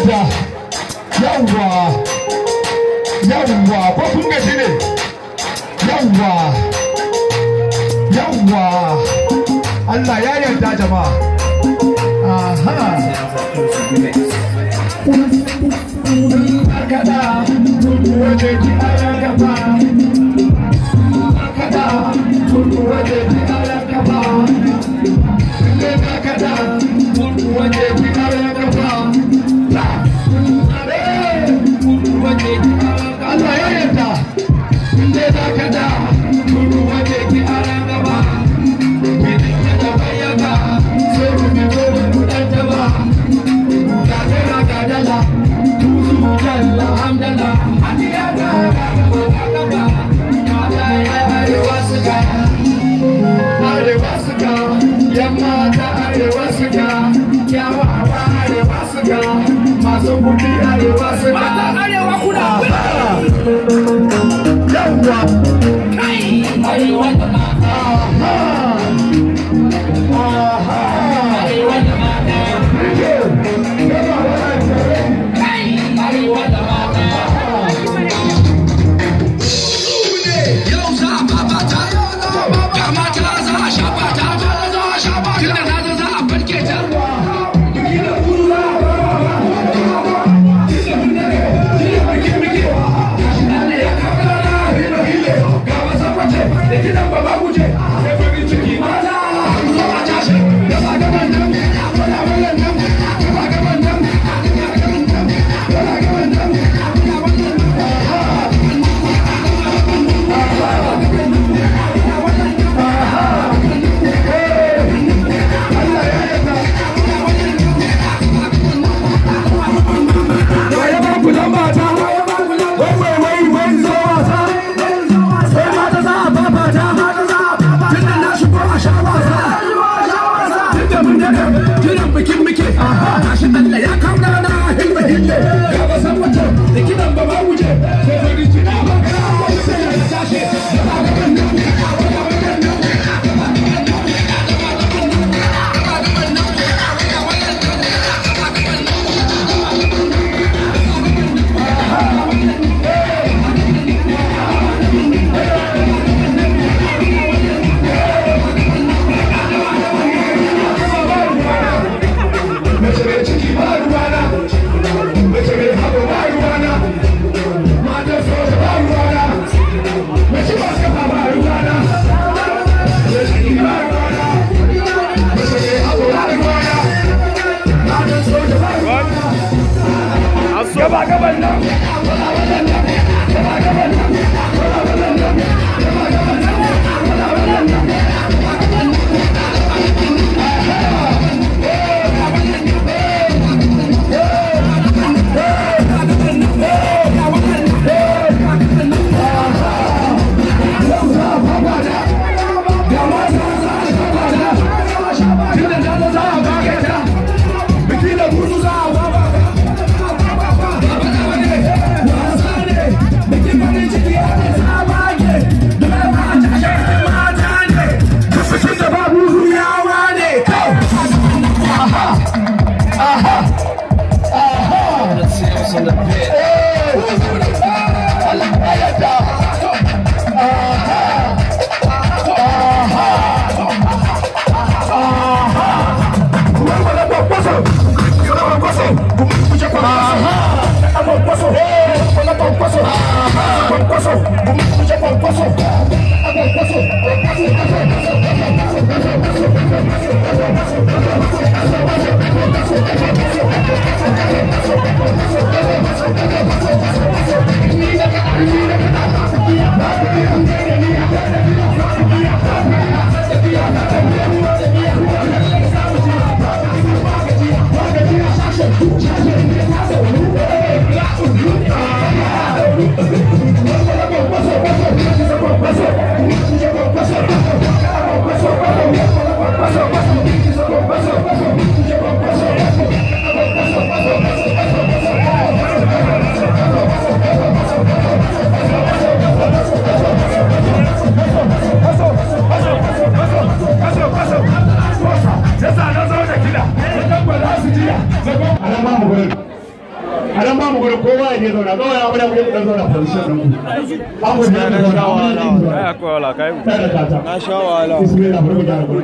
yadda yawwa yawwa ko kun gaji ne yawwa Allah ya yarda jama'a aha Kada, waje ki ala gaba. Kada, waje ki ala gaba. Kada, kada, Africa. Yawwa. Kai. Arewa. chiquimar urbana. a nan bamu kowa ya je zauna kawai ya bada kuɗi kuɗin zauna position ɗin ku. Abu da zauna wala. Na sha wahala. Na sha wahala.